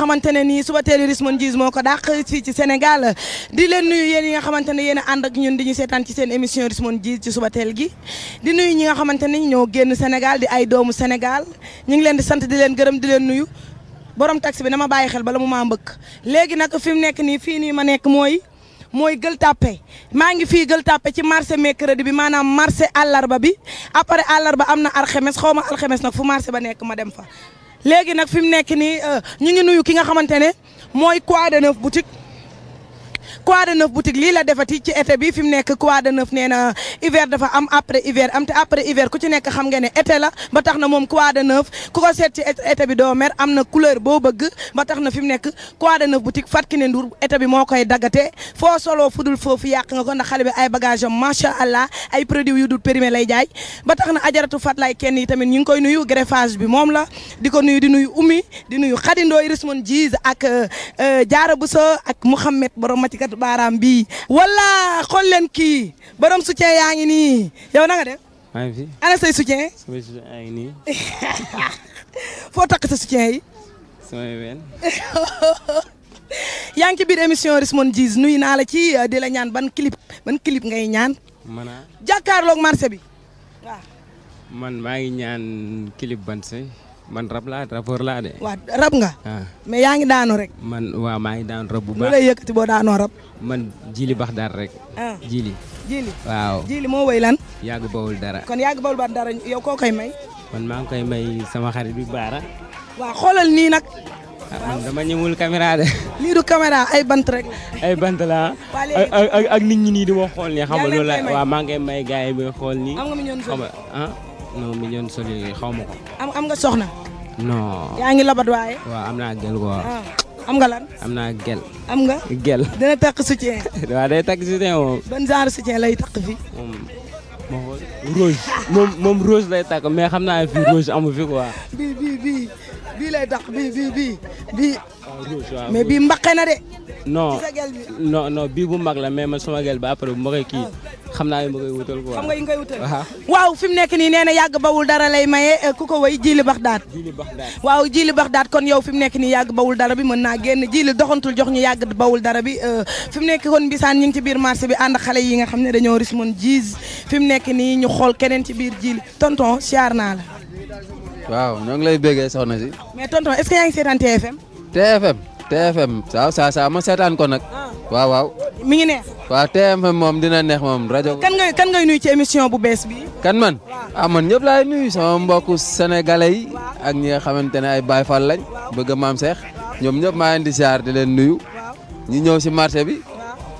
xamante ne nii suba teelu Rich mon djizz moo ko dàq fii ci Sénégal di leen nuyu yéen yi nga xamante ne yéen a ànd ak ñun di ñu seetaan ci seen émission Rich mon djizz ci suba gi di nuyu ñi nga xamante ne ñoo génn senegal di ay doomu Sénégal ñu ngi leen di sant di leen gërëm di leen nuyu borom tax bi dama bàyyi xel bala mu maa mbëkk léegi nag fi mu nekk nii fii nii ma nekk mooy mooy gël Tapée maa ngi fii gël Tapée ci marché mercredi bi maanaam marché àllarba bi après àllarba am na alxames xaw ma alxames nag fu ba nekk ma dem fa léegi nag fi mu nekk nii euh, ñu ngi nuyu ki nga xamante ne mooy Quoi de Neuf Croix de Neuf boutique lii la ti ci été bi fi mu nekk Croix de Neuf nee hiver dafa am après hiver am te après hiver ku ci nekk xam nga ne ete la ba tax na moom Croix de Neuf ku ko seet ci été bi doo mer am na couleur boo bëgg ba tax na fi mu nekk Croix de Neuf boutique Fatou Kiné Ndour été bi moo koy daggate foo solo fudul foofu yàq nga ko ndax xale bi ay bagage am macha allah ay produits yu dul périmé lay jaay ba tax na ajaratu fat lay kenn yi tamit ñu ngi koy nuyu greffage bi moom la di ko nuyu di nuyu Oumy di nuyu Khady Ndoye Rismon Jiz ak euh, euh, Diarra Bousso ak Mouhamed borom Matika xaritu baaraam bii wala xool leen kii borom soutien yaa ngi nii yow na nga def. maa ana say soutien. samay soutien yaa ngi nii. foo takk yi. samay ween. yaa ngi ci biir émission Rismon nuyu naa la ci di la ñaan ban clip ban clip ngay ñaan. man a jàkkaarloog marché bi waaw. man maa ngi ñaan clip ban say. man rab laa rapport laa de. waaw rab nga. Ah. mais yaa ngi daanu rek. man waaw maa ngi daanu rab bu baax. lu lay yëkkati boo daanoo rab. man jili bax dara rek. Ah. jili jili waaw jili moo woy lan. yàgg bawul dara. kon yàgg bawul dara yow koo koy may. man maa ngi koy may sama xarit bi baara. waaw xoolal nii nag. Ah, man dama ñëwul caméra de. lii du caméra ay bant rek. ay bant la ak ni ñi nii di ma xool nii xam nga loolu la waaw maa ngi may gars yi xool nii. am nga non mi ñoon soli xaw ma ko. am am nga soxna. non. yaa ngi labat waaye. waaw am naa gel quoi. Ah. am nga lan. am naa gel. am nga. gel dana takk soutien. waaw day takk soutien moom. lay takk fii. moom moo rose. moom moom rose lay takk mais xam naa fi rose amu fi quoi. bii bii bii bii lay takk bii bii bii bii. Ah, bii mbaqe de. non bii bu mag la mais ma sama gel ba après bu ma koy xam naa ne ma nga yi ngay wutal waaw fi mu nekk nii nee na yàgg bawul dara lay maye eh, ku ko way jiili bax daat waaw jiili bax daat kon yow fi mu nekk nii yàgg bawul dara bi mën naa génn jiili doxantul jox ñu yàgg bawul dara bi euh, fi mu nekk kon bisaan ñu ngi ci biir marché bi ànd xale yi nga xam ne dañoo ris moon jiis fi mu nekk nii ñu xool keneen ci biir jiili tonton siyaar naa la waaw ñoo ngi lay béggee soxna si mais tonton est-ce que seetaan TFM TFM TFM waaw saa ma seetaan ko nag. Ah. waaw mi ngi neex. waaw TFM moom dina neex moom rajo. kan ngay kan nuyu ci émission bu bees bi kan man ah ñëpp laay nuyu sama mbokku sénégalais yi ak ñi nga xamante ne ay Baye Fall lañ bëgg maam Cheikh ñoom ñëpp maa leen di ziar di leen nuyu. ñu ñëw si marché bi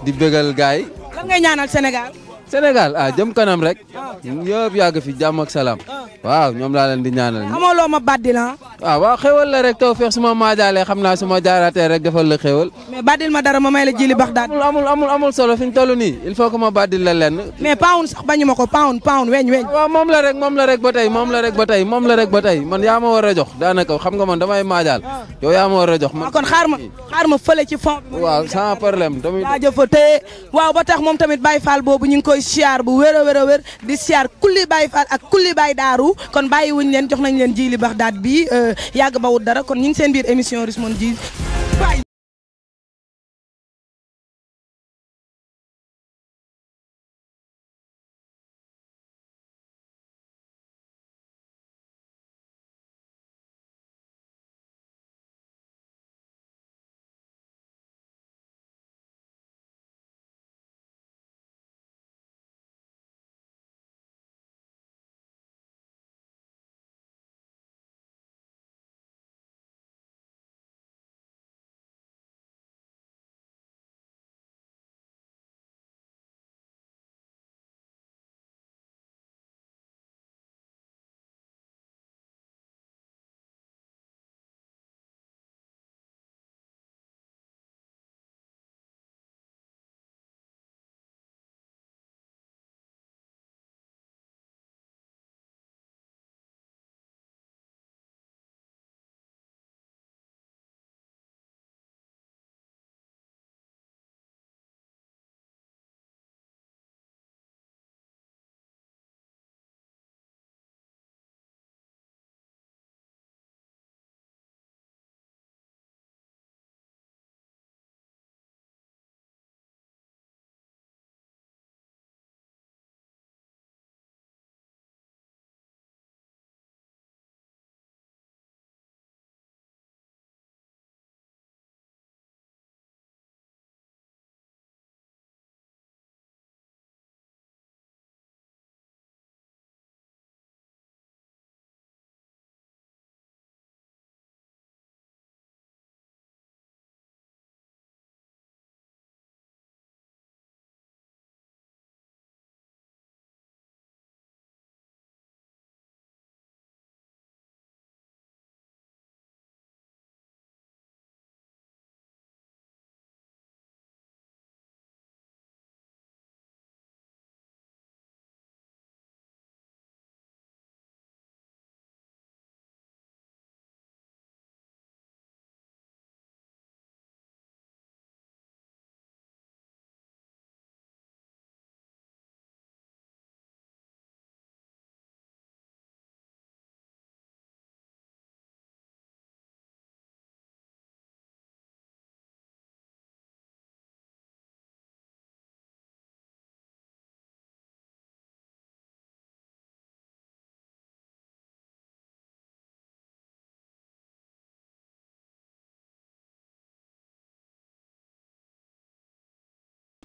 di bégal gaay yi. lan ngay ñaanal Sénégal. Sénégal ah jëm kanam rek. Ah. ñëpp yàgg fi jàmm ak salaam. Ah. waaw ñoom laa leen di ñaanal. amoo loo ma baddil ah. ah waaw waaw la rek taw feex su ma maajaalee xam naa su ma jaaratee rek defal la xéwal. mais baddil ma dara ma may la jili Baxdaad. amul amul amul solo fi ñu toll nii il faut que ma baddil la lenn. mais pound sax bañu ko pound weñ weñ. Ah, waaw moom la rek moom la rek ba tey moom la rek ba tey moom la rek ba tey man yaa ma war a jox daanaka xam nga man damay maajaal ah. yow yaa ma war a jox. man kon xaar ma xaar ma fële ci fond. waaw sans problème. jaajëfatee waaw ba tax moom tamit bay Fall boobu ñu ngi koy siyaar bu wér a wér a wér di siyaar kulli Baye Fall ak kulli Baye ñëw kon bàyyi wuñ leen jox nañ leen ji li baax daat bi euh, yàgg bawut dara kon ñu ngi seen biir émission Rich Mon Djizz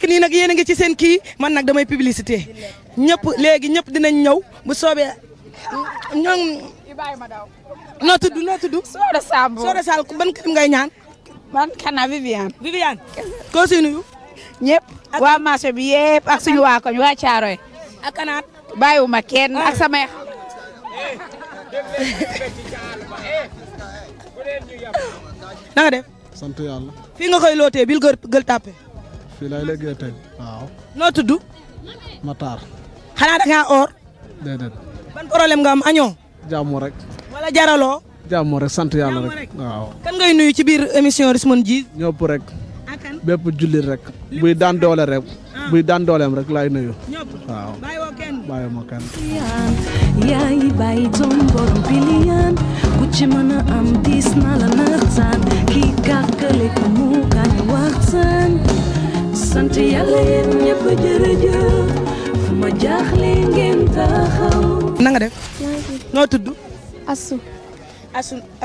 nekk nii nag yéen a ngi ci seen kii man nag damay publicité ñëpp léegi ñëpp dinañ ñëw bu soobee ñoom noo tudd noo tudd. Soda Samb Soda Sall ban kër ngay ñaan. man kana Viviane. Viviane ñëpp waa marché bi yëpp ak suñu waa koñ waa Caaroy. ak kanaat bàyyiwuma kenn ah. ak samay. na nga def. sant nga koy lootee bil gël tàppe. fii la liggéey tey waaw. noo xanaa da ngaa problème nga am añoo. jàmm rek. wala jaraloo. jàmm rek sant yàlla rek waaw. kan ngay nuyu ci biir émission Rich-mon Djizz. ñëpp rek. akan ah, bépp rek. Ah. buy daan doole rek. buy daan waaw bàyyiwoo kenn. bàyyiwoo kenn. yaay bàyyi doon borom biliyan ku ci mën a am diis na la nartaan kii kàkkale sant yàlla yéen ñëpp noo tudd. Asou.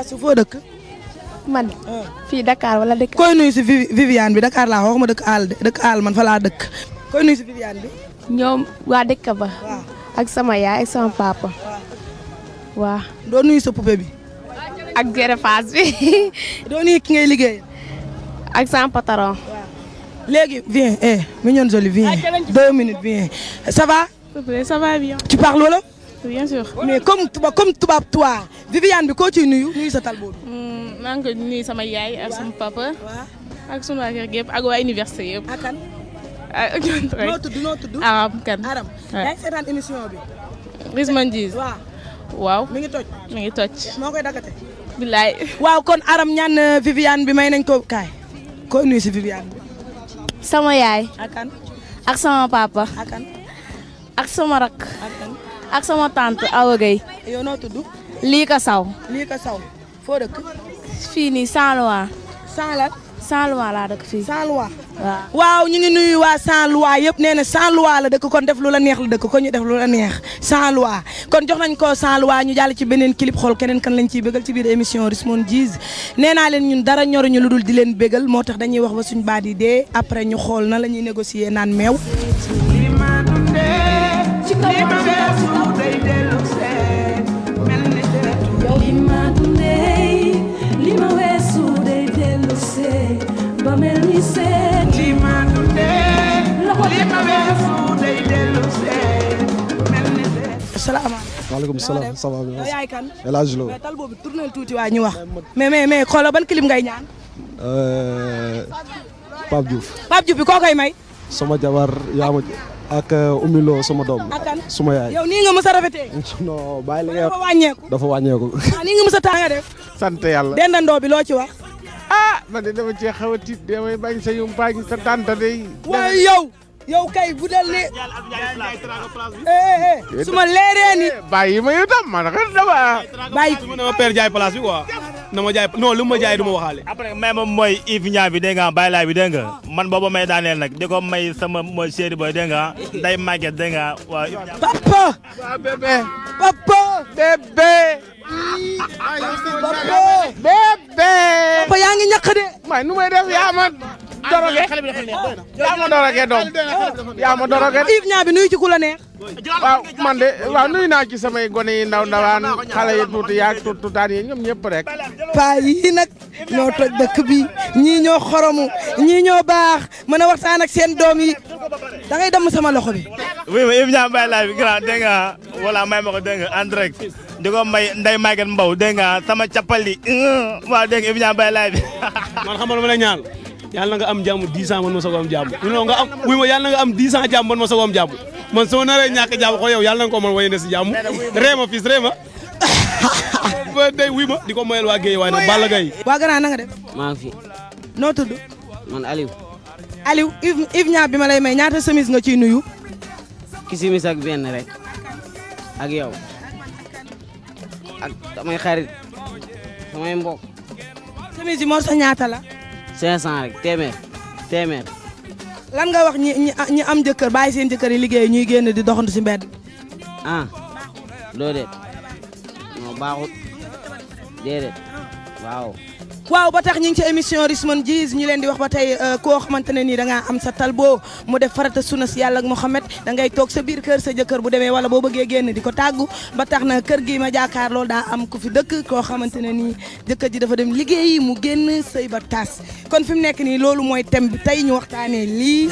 Asou foo dëkk. man. Ah. fii Dakar wala dëkk. koy nuyu si Viviane bi Dakar laa wax ma dëkk àll dëkk àll man fa laa dëkk. koy nuyu si Viviane bi. ñoom waa dëkk ba. ak sama yaay ak sama papa. waaw. doo nuyu sa poupée bi. ak gërëfaas bi. doo nuyu ki ngay liggéey. ak sama patron. léegi viens eh mignonne jolie viens ah, deux minutes viens ça va. ça va bien. tu parles wolof. bien sûr. mais comme tuba comme tubaab toi Viviane bi koo ciy nuyu nuyu sa tal boobu. Hmm, maa ngi koy nuyu sama yaay ak sama papa. ak sunu waa kër gi yëpp ak waa université yëpp. a ah, kan. ah noo tudd noo kan Aram. yaa ngi seetaan émission bi. Risman waaw waaw. ngi toj mi ngi toj. moo koy waaw kon Aram ñaan euh, Viviane bi may nañ ko kaay. koo nuyu si Viviane sama yaay. ak ak sama papa. ak kan. ak sama rak. ak kan. sama tante Awa lii ka saw. lii ka saw foo dëkk. nii Saint-Louis. saint laa dak fii. saint waaw ñu ngi nuyu waa sans loi yëpp nee na sans loi la dëkk kon def lu la neex la dëkk kon ñu def lu la neex sans loi kon jox nañ ko sans loi ñu jàll ci beneen clip xool keneen kan lañ ciy bégal ci biir émission Rismon Djizz nee naa leen ñun dara ñu lu dul di leen bégal moo tax dañuy wax ba suñu baat yi dee après ñu xool na la ñuy négocier naan meew. ba salaamaaleykum. waaleykum salaam ça va bien. yow yaay kan. El Hadj Lo tal boobu tournel tuuti waa ñu wax. mais mais mais xoolal ban clip ngay ñaan. Euh, Pape Diouf. Pape Diouf bi koo koy may. sama jabar yaa ak euh, Oumy Lo sama doom. ak kan suma yaay. yow nga mës a rafetee. non bàyyi la nga dafa wàññeeku. dafa wàññeeku. ah nga mës a taa nga def. sant yàlla. dendandoo bi loo ci wax. ah man dama cee xaw a tiit damay bañ sa yumpaañ sa tante de. waaye yow. yow kay bu dal li eh, eh, su ma leeree ni bàyyi ma itam man xëy na ma. bàyyi na ma père jaay place bi quoi na ma jaay non lu ma jaay du ma waxaale. après may moom mooy Yves Niang bi dégg nga man boobu may daaneel nag di ko may sama mooy chéri boy dégg day màgget dégg nga waaw. papa. waaw bébé. papa. bébé. papa. bébé. yaa ngi ñàkk de. may nu may def yaa man. doroge xale bi dafa yaa ma doroge doom yaa ma bi nuyu ci ku waaw man de waaw nuyu naa ci samay gone yi ndaw ndawaan xale yi tuuti yaag tuuti tuutaan yi ñoom ñëpp rek paa yi nag ñoo toj dëkk bi ñii ñoo xoromu ñii ñoo baax mën a waxtaan ak seen doom yi da ngay dem sama loxo bi oui ma Yves Niang Baye Laye bi grand dégg nga voilà may ma ko dégg nga en may nday Maguette Mbow dégg nga sama cappali waaw dégg nga Yves Niang Baye Laye man xam nga lu ma yàlla na nga am jàmm 10 ans man ma soog am jàmm non nga am wuy ma yàlla na nga am 10 ans jàmm man ma soog am jàmm man soo naree ñàkk jàmm ko yow yàlla na nga ko ne si jàmm réema fils réema ba day wuy ma di ko moyel waa Guèye waaye nag Balla waa grand na nga def fi noo tudd man Aliou Aliou Yves Niang bi ma may ñaata semis nga ciy nuyu ki semis ak benn rek ak yow ak samay xarit samay mbokk semis yi sa ñaata la 500 rek téeméer téeméer. lan nga wax ñi ñi am jëkkër bàyyi seen jëkkër yi liggéey ñuy génn di doxantu si mbedd. ah loolu de baaxut déedéet waaw. waaw ba tax ñu ngi ci émission Rich-mon Djizz ñu leen di wax ba tey euh, koo xamante ne nii da ngaa am sa talboo mu def farata sunna si yàlla ak Muhammad da ngay toog sa biir kër sa jëkkër bu demee wala boo bëggee génn di ko tàggu ba tax na kër gi ma jaakaar loolu daa am ku fi dëkk koo xamante ne nii jëkkër ji dafa dem liggéeyi mu génn sëy ba tas kon fi mu nekk nii loolu mooy thème bi tey ñu waxtaanee lii.